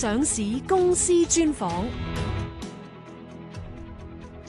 上市公司專訪：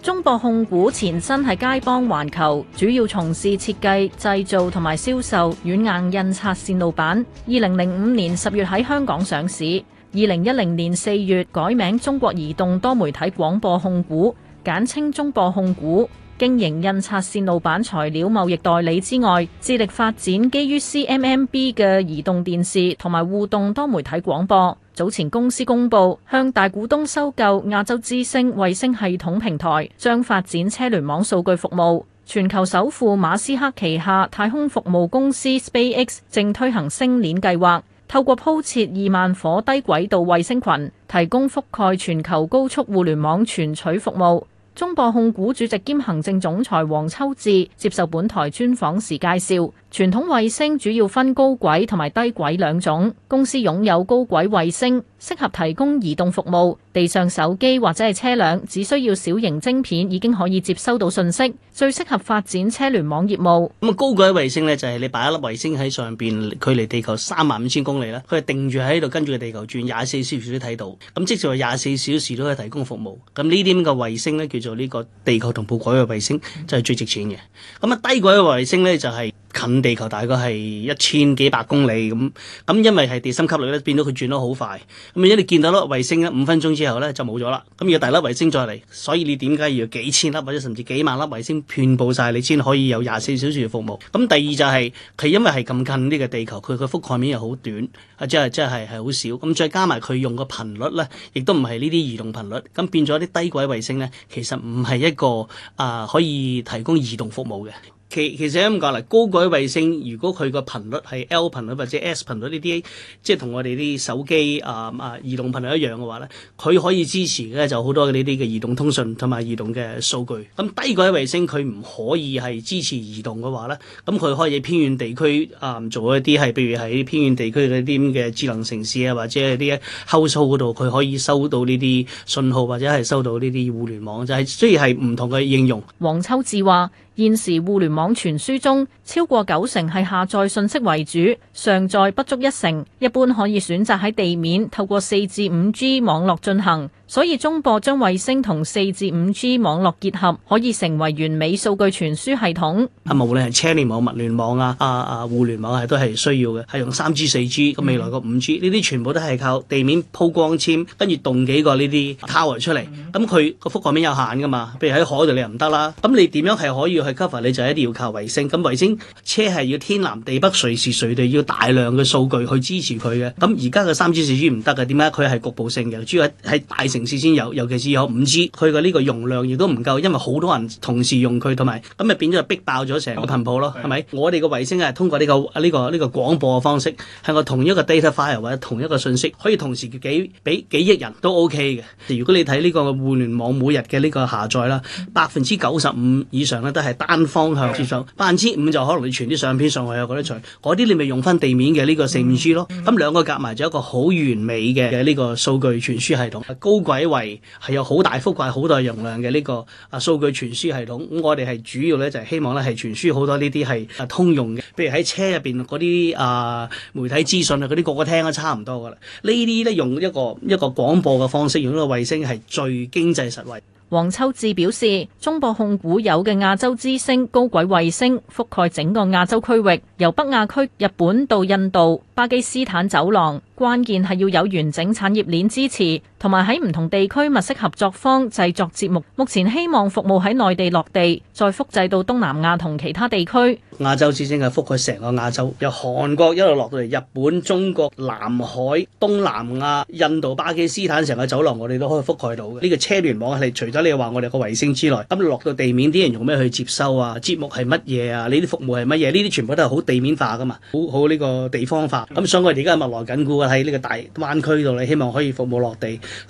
中播控股前身係佳邦環球，主要從事設計、製造同埋銷售軟硬印刷線路板。二零零五年十月喺香港上市。二零一零年四月改名中國移動多媒體廣播控股，簡稱中播控股。經營印刷綫路板材料貿易代理之外，致力發展基於 CMMB 嘅移動電視同埋互動多媒體廣播。早前公司公布向大股東收購亞洲之星衛星系統平台，將發展車聯網數據服務。全球首富馬斯克旗下太空服務公司 SpaceX 正推行星鏈計劃，透過鋪設二萬顆低軌道衛星群，提供覆蓋全球高速互聯網存取服務。中播控股主席兼行政總裁黃秋智接受本台專訪時介紹。傳統衛星主要分高軌同埋低軌兩種。公司擁有高軌衛星，適合提供移動服務，地上手機或者係車輛只需要小型晶片已經可以接收到信息，最適合發展車聯網業務。咁啊，高軌衛星呢，就係你擺一粒衛星喺上邊，距離地球三萬五千公里啦，佢係定住喺度跟住個地球轉，廿四小時都睇到。咁即係話廿四小時都可以提供服務。咁呢啲咁嘅衛星呢，叫做呢個地球同步軌嘅衛星，就係最值錢嘅。咁啊，低軌嘅衛星呢，就係，就係。近地球大概係一千幾百公里咁，咁因為係地心吸力，咧，變到佢轉得好快，咁因為你見到粒衛星咧，五分鐘之後咧就冇咗啦，咁要大粒衛星再嚟，所以你點解要幾千粒或者甚至幾萬粒衛星遍佈晒，你先可以有廿四小時嘅服務？咁第二就係、是、佢因為係咁近呢個地球，佢個覆蓋面又好短，啊，即係即係係好少，咁再加埋佢用個頻率咧，亦都唔係呢啲移動頻率，咁變咗啲低軌衛星咧，其實唔係一個啊可以提供移動服務嘅。.其其實咁講啦，高軌衛星如果佢個頻率係 L 頻率或者 S 頻率呢啲，即係同我哋啲手機啊啊、嗯、移動頻率一樣嘅話咧，佢可以支持咧就好多呢啲嘅移動通訊同埋移動嘅數據。咁、嗯、低軌衛星佢唔可以係支持移動嘅話咧，咁、嗯、佢可以喺偏遠地區啊、嗯、做一啲係，譬如喺偏遠地區嗰啲咁嘅智能城市啊，或者係啲丘丘嗰度，佢可以收到呢啲信號或者係收到呢啲互聯網，就係雖然係唔同嘅應用。黃秋智話。現時互聯網傳輸中，超過九成係下載信息為主，上載不足一成。一般可以選擇喺地面透過四至五 G 網絡進行。所以中播將衛星同四至五 G 網絡結合，可以成為完美數據傳輸系統。啊，無論係車聯網、物聯網啊，啊啊互聯網係都係需要嘅，係用三 G、四 G，咁未來個五 G 呢啲全部都係靠地面鋪光纖，跟住動幾個呢啲 tower 出嚟。咁佢個覆蓋面有限㗎嘛？譬如喺海度你又唔得啦。咁你點樣係可以去 cover？你就一定要靠衛星。咁衛星車係要天南地北隨隨地，隨時隨地要大量嘅數據去支持佢嘅。咁而家嘅三 G、四 G 唔得嘅，點解？佢係局部性嘅，主要喺大城。同時先有，尤其是有五 G，佢嘅呢個容量亦都唔夠，因為好多人同時用佢，同埋咁咪變咗逼爆咗成個頻譜咯，係咪、嗯？吧我哋嘅衛星係通過呢、這個呢、這個呢、這個廣、這個、播嘅方式，係個同一個 data file 或者同一個信息，可以同時幾俾幾億人都 OK 嘅。如果你睇呢個互聯網每日嘅呢個下載啦，百分之九十五以上咧都係單方向接收，百分之五就可能你傳啲相片上去啊嗰啲除，嗰啲、嗯、你咪用翻地面嘅呢個四五 G 咯。咁兩、嗯嗯、個夾埋就一個好完美嘅嘅呢個數據傳輸系統。高。位為係有好大覆蓋、好大容量嘅呢、這個啊數據傳輸系統，咁我哋係主要咧就係、是、希望咧係傳輸好多呢啲係啊通用嘅，譬如喺車入邊嗰啲啊媒體資訊啊，嗰啲個個聽都差唔多噶啦，呢啲咧用一個一個廣播嘅方式，用呢個衛星係最經濟實惠。黃秋智表示：中播控股有嘅亞洲之星高軌衛星覆蓋整個亞洲區域，由北亞區日本到印度、巴基斯坦走廊，關鍵係要有完整產業鏈支持，同埋喺唔同地區物色合作方製作節目。目前希望服務喺內地落地，再複製到東南亞同其他地區。亞洲之星係覆蓋成個亞洲，由韓國一路落到嚟日本、中國、南海、東南亞、印度、巴基斯坦成個走廊，我哋都可以覆蓋到嘅。呢個車聯網係除咗你話我哋個衛星之內咁落到地面，啲人用咩去接收啊？節目係乜嘢啊？呢啲服務係乜嘢？呢啲全部都係好地面化㗎嘛，好好呢個地方化。咁、嗯、所以我哋而家物來緊固喺呢個大灣區度，你希望可以服務落地。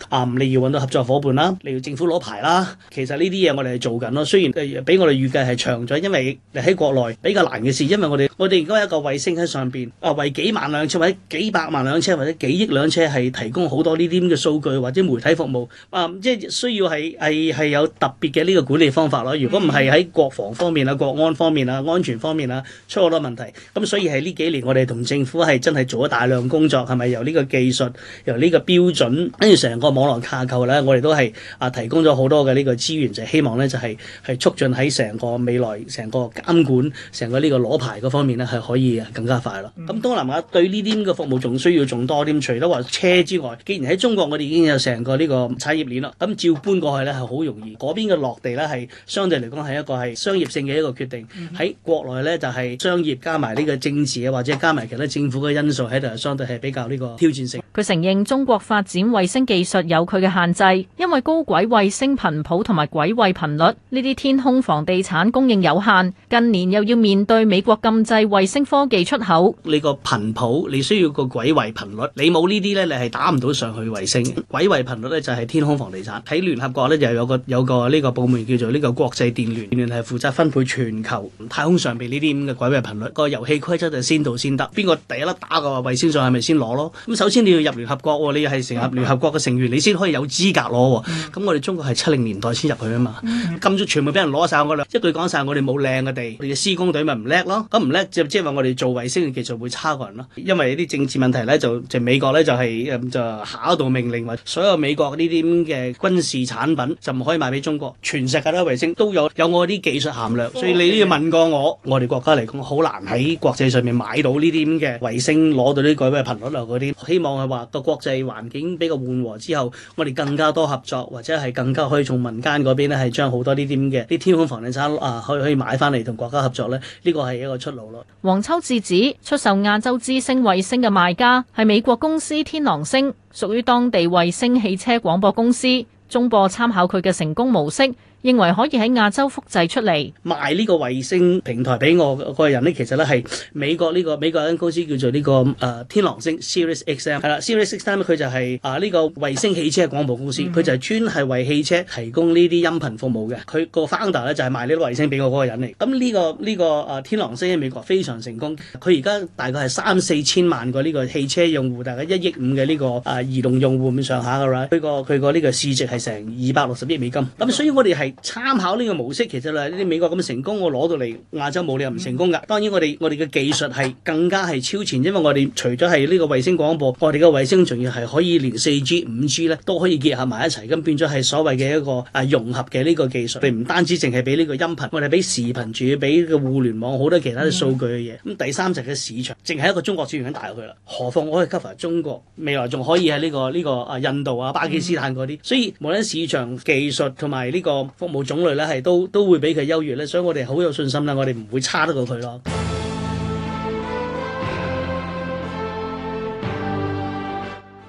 啊、嗯，你要揾到合作伙伴啦，你要政府攞牌啦。其實呢啲嘢我哋係做緊咯。雖然比我哋預計係長咗，因為喺國內比較難嘅事，因為我哋我哋而家一個衛星喺上邊啊，為幾萬輛車、或者幾百萬輛車或者幾億輛車係提供好多呢啲咁嘅數據或者媒體服務。啊、嗯，即、就、係、是、需要係係。而係有特別嘅呢個管理方法咯。如果唔係喺國防方面啊、國安方面啊、安全方面啊出好多問題。咁所以係呢幾年我哋同政府係真係做咗大量工作，係咪由呢個技術、由呢個標準，跟住成個網絡架構咧，我哋都係啊提供咗好多嘅呢個資源，就係、希望咧就係、係、係促進喺成個未來、成個監管、成個呢個攞牌嗰方面咧係可以更加快咯。咁東南亞對呢啲咁嘅服務仲需要仲多啲。除咗話車之外，既然喺中國我哋已經有成個呢個產業鏈咯，咁照搬過去咧。好容易，嗰邊嘅落地咧，係相對嚟講，係一個係商業性嘅一個決定。喺國內咧，就係商業加埋呢個政治嘅，或者加埋其他政府嘅因素喺度，相對係比較呢個挑戰性。佢承認中國發展衛星技術有佢嘅限制，因為高軌衛星頻譜同埋軌位頻率呢啲天空房地產供應有限。近年又要面對美國禁制衛星科技出口。你個頻譜你需要個軌位頻率，你冇呢啲咧，你係打唔到上去衛星。軌位頻率咧就係天空房地產喺聯合國咧就是。有個有個呢個部門叫做呢個國際電聯，聯係負責分配全球太空上邊呢啲咁嘅鬼嘅頻率。個遊戲規則就先到先得，邊個第一粒打嘅話，衛星上係咪先攞咯？咁首先你要入聯合國，你係成合聯合國嘅成員，你先可以有資格攞。咁我哋中國係七零年代先入去啊嘛，咁就全部俾人攞晒我哋，一句講晒我哋冇靚嘅地，你嘅施工隊咪唔叻咯？咁唔叻就即係話我哋做衛星嘅技術會差過人咯。因為呢啲政治問題咧，就就美國咧就係、嗯、就下一度命令，話所有美國呢啲咁嘅軍事產品。就唔可以賣俾中國。全世界都係，衛星都有有我啲技術含量，所以你都要問過我。我哋國家嚟講，好難喺國際上面買到呢啲咁嘅衛星，攞到呢嗰啲頻率啊，嗰啲希望係話個國際環境比較緩和之後，我哋更加多合作，或者係更加可以從民間嗰邊咧，係將好多呢啲咁嘅啲天空房地產啊，可以可以買翻嚟同國家合作咧。呢、呢個係一個出路咯。黃秋智指出售亞洲之星衛星嘅賣家係美國公司天狼星，屬於當地衛星汽車廣播公司。中播參考佢嘅成功模式。認為可以喺亞洲複製出嚟賣呢個衛星平台俾我嗰個人咧，其實咧係美國呢、這個美國有間公司叫做呢、這個誒、呃、天狼星 Sirius XM 係啦，Sirius XM 佢就係啊呢個衛星汽車廣播公司，佢就係專係為汽車提供呢啲音頻服務嘅。佢個 founder 咧就係賣呢個衛星俾我嗰個人嚟。咁、這、呢個呢、這個誒、呃、天狼星喺美國非常成功，佢而家大概係三四千萬個呢個汽車用戶，大概一億五嘅呢、這個啊、呃、移動用戶咁上下噶啦。佢個佢個呢個市值係成二百六十億美金。咁所以我哋係。參考呢個模式，其實呢啲美國咁成功，我攞到嚟亞洲冇理由唔成功噶。當然我哋我哋嘅技術係更加係超前，因為我哋除咗係呢個衛星廣播，我哋嘅衛星仲要係可以連 4G、5G 咧都可以結合埋一齊，咁變咗係所謂嘅一個融合嘅呢個技術。並唔單止淨係俾呢個音頻，我哋俾視頻，仲要俾個互聯網好多其他嘅數據嘅嘢。咁第三層嘅市場，淨係一個中國資源已大帶入去啦。何況我可以 cover 中國未來，仲可以喺呢個呢個啊印度啊、巴基斯坦嗰啲。所以無論市場技術同埋呢個。服務種類咧係都都會比佢優越咧，所以我哋好有信心啦，我哋唔會差得過佢咯。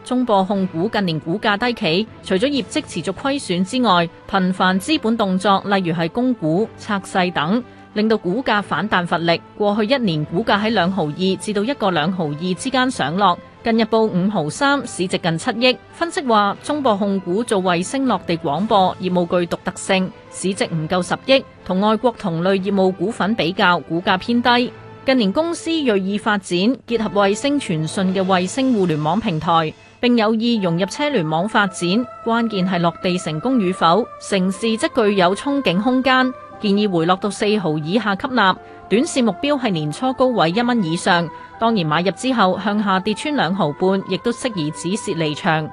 中播控股近年股價低企，除咗業績持續虧損之外，頻繁資本動作，例如係供股、拆細等，令到股價反彈乏力。過去一年股價喺兩毫二至到一個兩毫二之間上落。近日報五毫三，市值近七億。分析話，中播控股做衛星落地廣播業務具獨特性，市值唔夠十億，同外國同類業務股份比較，股價偏低。近年公司銳意發展，結合衛星傳訊嘅衛星互聯網平台，並有意融入車聯網發展。關鍵係落地成功與否，城市則具有憧憬空間。建議回落到四毫以下吸納，短綫目標係年初高位一蚊以上。當然買入之後向下跌穿兩毫半，亦都適宜止蝕離場。